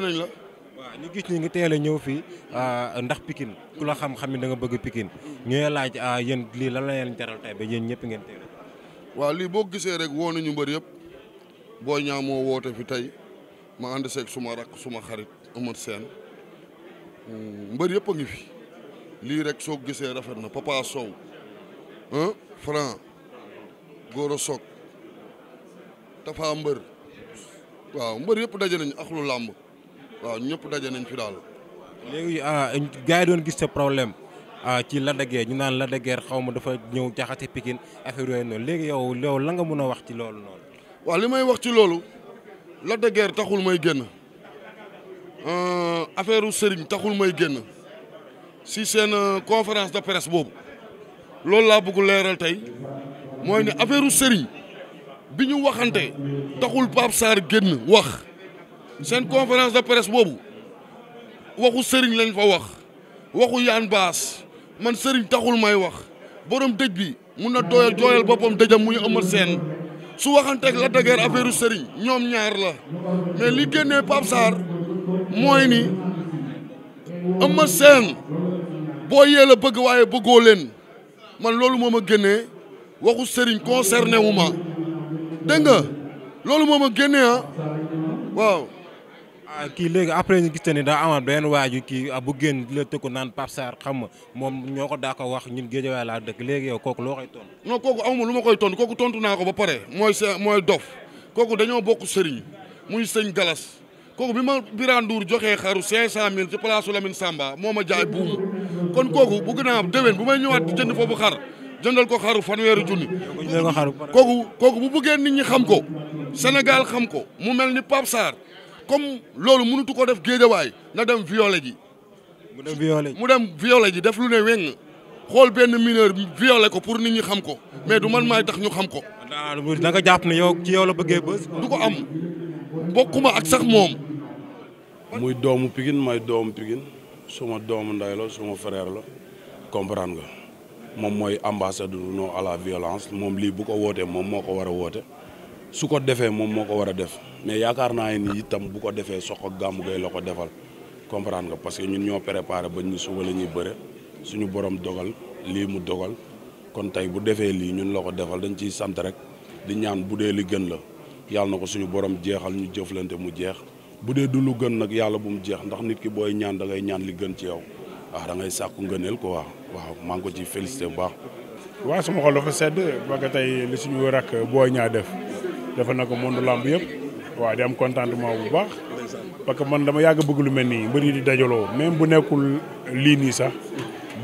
fay la. ñu gis ñi ngi teel a ñëw fii ah, ndax pikin ku la xam-xam ni da nga bëgg pikin ñooy laaj ah, yéen lii lan la leen jaral tey ba yéen ñëpp ngeen teel waaw lii boo gisee rek woo nañu mbër yépp boo ñaa woote fi tey ma ànd seeg suma rakk suma xarit Amar Sène hmm, mbër yépp a ngi fi lii rek soo gisee rafet na Papa soow ah Franc Goro Sock Tafa mbër waaw mbër yëpp daje nañ ak lu làmb waaw ñëpp daje nañ fi daal. léegi ah, gars yi doon gis sa problème ah, ci Lac de ñu naan Lac de Guiers xaw ma dafa ñëw jaxase Pikine affaire yooyu noonu léegi yow yow la nga mun a wax ci loolu noonu. waaw li may wax ci loolu Lac de taxul may génn euh, affaire sëriñ taxul may génn si seen euh, conférence de presse boobu loolu laa bëgg leeral tey mooy ne affaire sëriñ bi ñu waxante taxul Pape Sarr génn wax. seen conférence de presse boobu waxu sëriñ lañ fa wax waxu yaan baas man sëriñ taxul may wax borom dëj bi mun na doyal jooyal boppam a muy ëmmal seen su waxanteeg la dëgër affaire sëriñ ñoom ñaar la mais li génnee Pape Sarr mooy ni ëmmal seen boo yee la bëgg waaye bëggoo leen man loolu moom a génnee waxu sëriñ concerné wu ma dégg nga loolu moo ma génnee ah. waaw. waaw ah, kii léegi après ñu gis ne daa amaat benn waaju kii ah, bu génn la tëkku naan Pape Sarr xam nga moom ñoo ko daa ko wax ñun géejawaay laa dëkk léegi yow kooku loo koy tontu. non kooku amuma lu ma koy tontu kooku tontu naa ko ba pare mooy mooy dof kooku dañoo bokk sëriñ muy sëñ galas kooku bi ma Birane Ndour joxee xaru 500000 ci place Lamine Samba moo ma jaay buum kon kooku bu gën a am déwén bu may ñëwaat jënd foofu xar jëndal ko xaru fanweeri junni. kooku kooku bu bëggee nit ñi xam ko Sénégal xam ko mu mel ni Pape Sarr comme loolu mënutu ko def géejawaay na dem viole ji. mu dem violé ji mu dem violé ji def lu ne weng xool benn mineur violé ko pour nit ñi xam ko mais du man maay tax ñu xam ko. da nga jàpp ne yow ci yow la bëggee bës. du ko am bokkuma ak sax moom. muy doomu Pikine may doomu pigin suma doomu nday la suma frère la comprendre ga moom mooy ambassadeur non à la violence moom lii bu ko wootee moom moo ko war a woote. su ko defee moom moo ko war a def mais yaakaar naa ni itam bu ko defee sox ak gàmmu gay la ko defal comprendre nga parce que ñun ñoo préparé ba ñu suba la ñuy bëre suñu borom dogal lii mu dogal kon tey bu defee lii ñun la ko defal dañ ciy sant rek di ñaan bu dee li gën la yàlla na ko suñu borom jeexal ñu jëflante mu jeex bu dee du lu gën nag yàlla bu mu jeex ndax nit ki booy ñaan da ngay ñaan li gën ci yow waaw da ngay sàkku ngëneel quoi waaw maa ngi ko ci félicité bu baax. waaw sama tey li suñu rakk ñaa def. defe na ko monde lamb yëpp waaw di am contentement bu baax parce que man dama yàgg bëgg lu mel nii mbër yi di dajaloo même bu nekkul lii nii sax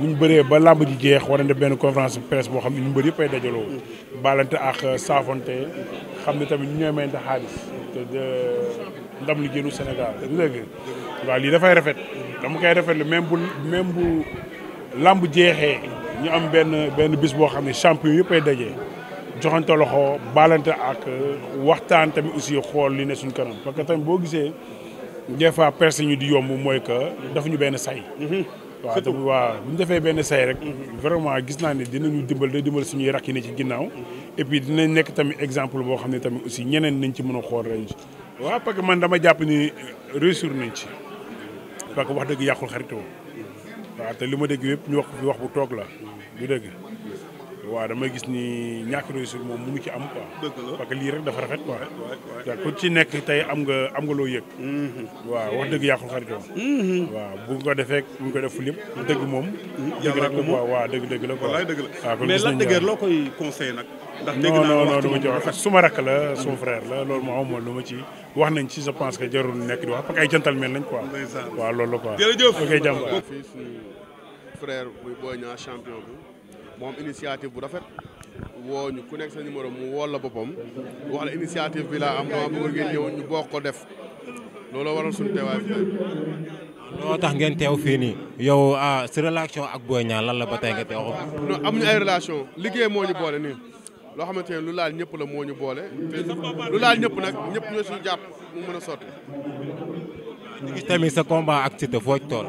buñ bëree ba lamb ji jeex war nañ benn conférence presse boo xam ne ñu mbër yëpp ay dajaloo baalante ak xam ne tamit ñu ñooy te ndam li génnu Sénégal lii dafay rafet dama koy rafetlu même bu même bu lamb jeexee ñu am benn benn bis boo xam ne champion yëpp ay dajee joxante loxo baalante ak euh, waxtaan tamit aussi xool li ne suñ kanam parce que tamit boo gisee des fois presse ñu di yomb mooy que dafa ñu benn say. Mhm. waaw te waaw bu ñu defee benn say rek. vraiment gis naa ne dinañu dimbal day dimbal suñuy rakk yi ne ci ginnaaw. et puis dinañ nekk tamit exemple boo xam ne tamit aussi ñeneen nañ ci mën a xool ren waa parce que man dama jàpp ni euh, réussir nañ ci parce wax dëgg yàqul xaritoo waaw te li ma dégg yëpp ñu wax wax bu toog la du dëgg. waaw dama gis ni ñàkk réussir moom mu ngi ci am quoi. dëgg la lii rek dafa rafet quoi. waay ku ci nekk tey am nga am nga loo yëg. Mm-hmm. waaw wax dëgg yàqul xaritoo mm-hmm. waaw bu ko defee bu ñu ko def lépp mm-hmm. dëgg moom. dëgg rek moom waaw dëgg la quoi. wallaay dëgg la mais lan dëgg loo koy conseillé nag. ndax dégg naa non non du ma ci wax suma rakk la suma frère la loolu moo amoon lu ma ci wax nañ ci sa pense que jarul nekk di wax parce que ay gentleman lañ quoi. waaw loolu la quoi. jërëjëf ok jàmm. mu am initiative bu rafet woo ñu ku nekk sa numéro mu woo la boppam wax la initiative bi laa am dama bëgg ngeen ñëw ñu bokk ko def looloo waral suñu teewaay fi looloo tax ngeen teew fii nii yow ah, si relation ak Boy Niang lan la ba tey nga teew am ñu ay relation liggéey moo ñu boole nii loo xamante ne lu laal ñëpp la moo ñu boole te lu laal ñëpp nag ñëpp ñoo suñu jàpp mu mën a sotti gis tamit sa combat ak Siteu foo ci tool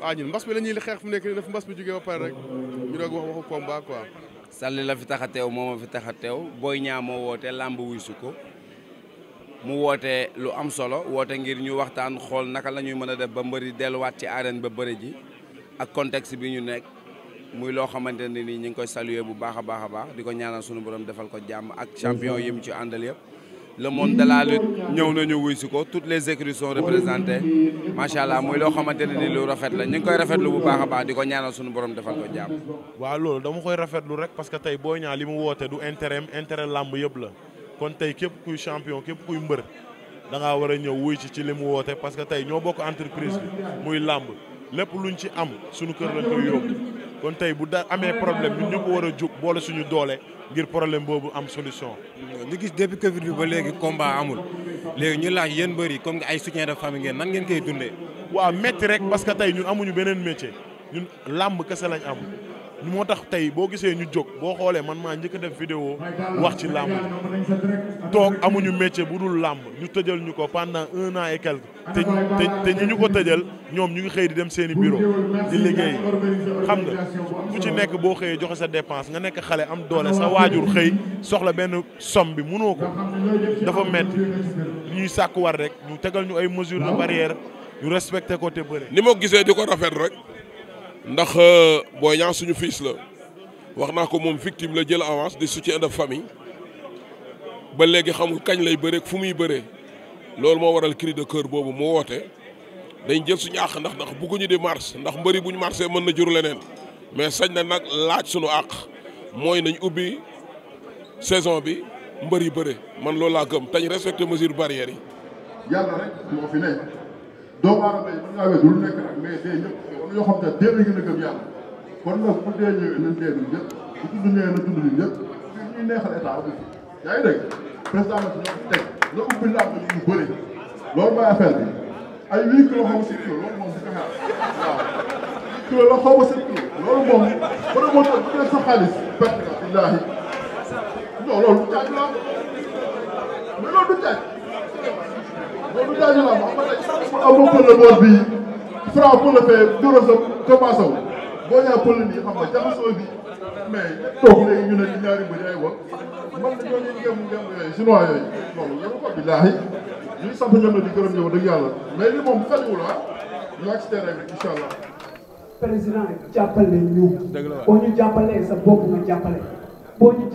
waaw ah, ñun mbas mi la ñuy xeex fu mu nekk nii dafa mbas mi jógee ba pare rek ñu doog wax waxu combat quoi. Sall la fi tax a teew moo ma fi tax a teew booy Niang moo woote làmb wuy su ko mu woote lu am solo woote ngir ñu waxtaan xool naka la ñuy mën a def ba mbëri delluwaat ci arène ba bëri ji ak contexte bi ñu nekk muy loo xamante ne nii ñu ngi koy saluer bu baax a baax a baax di ko ñaanal sunu borom defal ko jàmm ak champion yi mu ci àndal yëpp. le monde de la lutte ñëw nañu wuy si ko toutes les écuries sont représentées macha allah muy loo xamante ne ni lu rafet la ñu ngi koy rafetlu bu baax a baax di ko ñaanal suñu borom defal ko jàmm. waaw loolu dama koy rafetlu rek parce que tey Boy Niang li mu woote du intérêt intérêt làmb yëpp la kon tey képp kuy champion képp kuy mbër da ngaa war a ñëw wuy ci ci li mu woote parce que tey ñoo bokk entreprise bi muy làmb lépp lu luñ ci am suñu kër lañ koy yóbbu. kon tey bu da amee problème ñun ko war a jóg boole suñu doole ngir problème boobu am solution. ñu gis depuis Covid bi ba léegi combat amul léegi ñu laaj yéen mbër yi comme nga ay soutien de famille ngeen nan ngeen koy dundee. waa métti rek parce que tey ñun amuñu beneen métier ñun làmb kese lañ am. moo tax tey boo gisee ñu jóg boo xoolee man maa njëkk a def vidéo wax ci làmb toog amuñu métier bu dul làmb ñu tëjal ñu ko pendant un an et quelque te te ñi ñu ko tëjal ñoom ñu ngi xëy di dem seen i bureau di liggéey xam nga ku ci nekk boo xëyee joxe sa dépense nga nekk xale am doole sa waajur xëy soxla benn somme bi mënoo ko dafa metti ñuy sàkku war rek ñu tegal ñu ay mesures de ñu respecté ko te bëre. ni moo gisee di ko rafet rek. ndax euh, boo Niang suñu fils la wax naa ko moom victime la jël avance di soutien de famille ba léegi xamul kañ lay bëree fu muy bëree loolu moo waral cri de cœur boobu mu woote dañ jël suñu àq ndax ndax bugguñu di marche ndax mbëri buñ marché mën na juru leneen mais sañ na nag laaj suñu àq mooy nañ ubbi saison bi mbër yi bëre man loolu laa gëm tañ respecté mesure barrière yi. yàlla yoo xam ne dee gën a gëm yàlla kon nag bu dee ñëwee nañ dee ñun ñëpp bu tudd ñëwee na tudd ñun ñëpp ñuy neexal état aussi yaa ngi dégg président ko teg na ubbi làmb yi ñu bëri moom si ko xaar waaw moom promoteur bu dee sa xaalis perte na billaahi non loolu du caaj la mais loolu du caaj loolu du caaj la ma xam nga tey am na Franc pour le faire Gora Sow Papa Sow boo ñaa pël bi xam mais ñu ne di ñaari mbir ay wax man na ñoo ñuy gëm gëm yooyu chinois yooyu loolu yow ko billaahi ñuy samp ñoom la di gërëm yow dëgg yàlla mais li moom fenwul ah ñu ak terrain bi incha allah président jàppale boo ñu jàppalee sa bopp nga jàppale boo ñu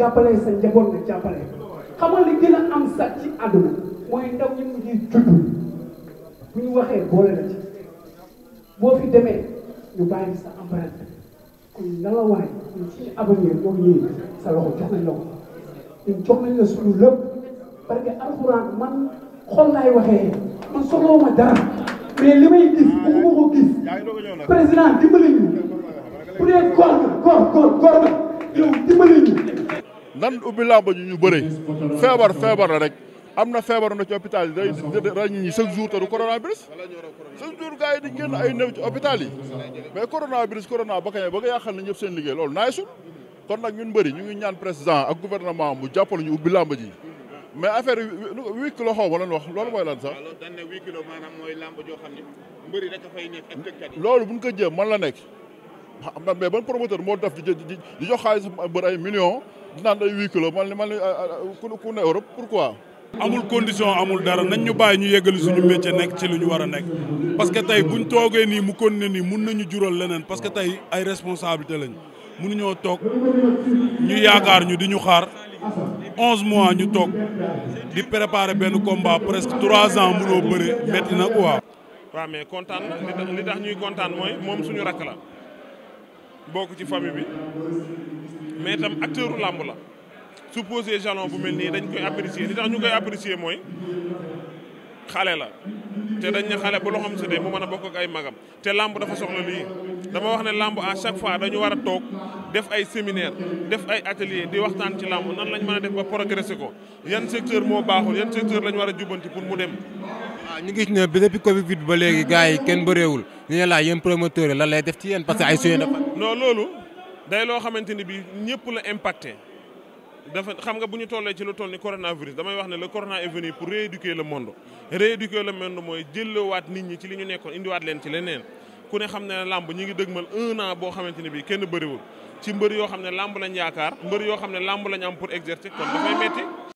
a am sax ci àdduna mooy ñu ngi judd ñu waxee boole la ci boo fi demee ñu bàyyi sa empreinte kon na la waay ñun suñu avenir moom yéen sa loxo jox nañ la ko ñun jox nañ la suñu lépp parce alxuraan man xol waxee man soxlawuma dara mais li may gis bu ma ko gis président dimbali ñu bu dee góor nga góor góor góor nga yow dimbali ñu. nan ubbi ñu ñu bëre feebar feebar rek. am na feebar na ci hôpital yi day ràññi ñi chaque jour te du coronavirus chaque jour gars yi di génn ay néew ci hôpital yi mais coronavirus corona ba kañ ba nga yàqal na ñëpp seen liggéey loolu naay sul kon nag ñun bëri ñu ñaan président ak gouvernement mu jàppal ubbi làmb ji mais affaire kilo xaw lan wax loolu mooy lan loolu dañ ne bu ñu ko jéem man la nekk xam mais ban promoteur moo def di di jox xaalis mbër ay millions di naan ay huit kilo man man ah, ah, ku ne Europe pourquoi. amul condition amul dara nañ ñu bàyyi ñu yeggali suñu métier nekk ci lu ñu war a nekk parce que tey buñ toogee nii mu continuer nii mun nañu jural leneen parce que tey ay responsabilité lañ mënuñoo toog ñu yaakaar ñu di ñu xaar onze mois ñu toog di préparer benn combat presque trois ans mënoo bëre métti na quoi. waaw mais kontaan na li tax ñuy kontaan mooy moom suñu rakk la bokk ci famille bi mais itam acteur làmb la. su posé jalon bu mel nii dañ koy apprécier li tax ñu koy apprécier mooy xale la te dañ ne xale bu loxoom si dee mu mën a bokk ak ay magam te làmb dafa soxla lii dama wax ne làmb à chaque fois dañu war a toog def ay séminaire def ay atelier di waxtaan ci làmb nan lañ mën a def ba progresser ko yan secteur moo baaxul yan secteur lañ war a jubanti pour mu dem. waaw ñu gis ne depuis Covid bi ba léegi gars yi kenn bëreewul ñu ne laa yéen promoteur lan lay def ci parce que ay suy dafa. non loo xamante ni bii ñëpp la impacté. dafa xam nga bu ñu tollee ci lu toll ni coronavirus damay wax ne le corona est venu pour rééduquer le monde rééduquer le monde mooy jëllowaat nit ñi ci li ñu nekkoon indiwaat leen ci leneen ku ne xam ne làmb ñi ngi dëgmal un an boo xamante ne bii kenn bëriwul ci mbër yoo xam ne làmb lañ yaakaar mbër yoo xam ne làmb lañ am pour exercer kon dafay metti